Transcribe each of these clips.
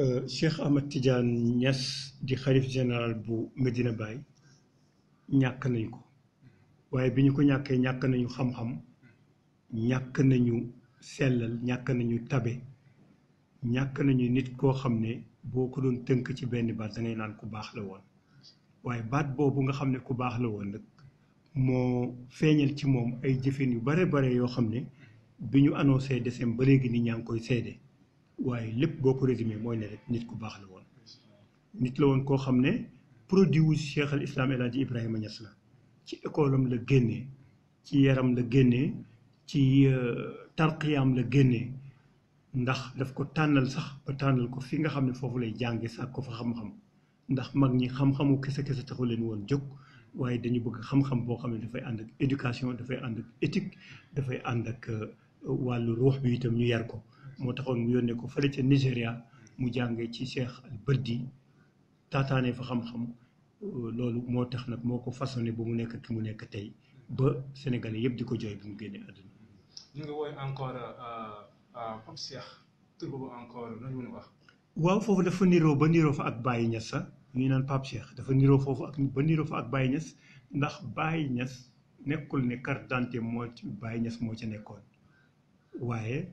Euh, Cheikh Ahmad Tidiane Niass di xalif général bu Medina Baye ñàkk nañ ko waaye bi ñu ko ñàkkee ñàkk nañu xam-xam ñàkk nañu sellal ñàkk nañu tabe ñàkk nañu nit koo xam ne boo ko doon tënk ci benn baat da ngay naan ku baax la woon waaye baat boobu nga xam ne ku baax la woon nag moo feeñal ci moom ay jëfin yu bare bare yoo xam ne bi ñu annoncé décembre ba léegi ni ñaa ngi koy seede waaye lépp boo ko résumé mooy ne rek nit ku baax la woon nit la woon koo xam ne produit wu Cheikh al Islam El Hadj Ibrahima Niass la ci école am la génnee ci yaram la génnee ci tarqiyaam la génnee ndax daf ko tànnal sax ba tànnal ko fi nga xam ne foofu lay jànge sàkk ko fa xam-xam ndax mag ñi xam-xamu kese kese taxu leen woon jóg waaye dañu bëgg xam-xam boo xam ne dafay ànd ak éducation dafay ànd ak éthique dafay ànd ak wàllu ruux bi itam ñu yar ko moo taxoon mu yónnee ko fële ca Nigéria mu jàngee ci Cheikh al Bërdi taataanee fa xam-xam loolu moo tax nag moo ko façonné ba mu nekk ki mu nekk tey ba Sénégalais yëpp di ko jooy bi mu génnee àdduna. ñu ngi woy encore Pape Cheikh tur boobu encore lan mën a wax. waaw foofu dafa niroo ba niroo fa ak Baye Niass sax naan Pape Cheikh dafa niroo foofu ak ba niroo fa ak Baye Niass ndax Baye Niass nekkul ne carte d'identité moo ci Baye Niass moo ci nekkoon waaye.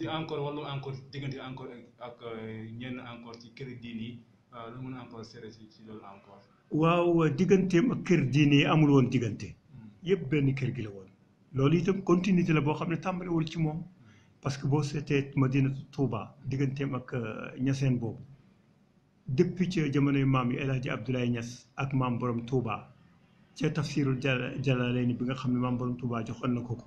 ci encore wàllu encore diggante encore ak euh, ñenn encore ci kër euh, lu mën encore seere ci waaw euh, digganteem ak kër diine yi amul woon diggante. Hmm. yëpp benn kër gi la woon. loolu itam continuité la boo xam ne tàmbaliwul ci moom. parce que boo seetee Madinatu Touba digganteem ak ñaseen boobu depuis ca jamonoy maam yi El Hadj Abdoulaye ak maam borom Touba ca tafsirul Jala Jalalayn bi nga xam ne maam borom Touba joxoon na ko ko.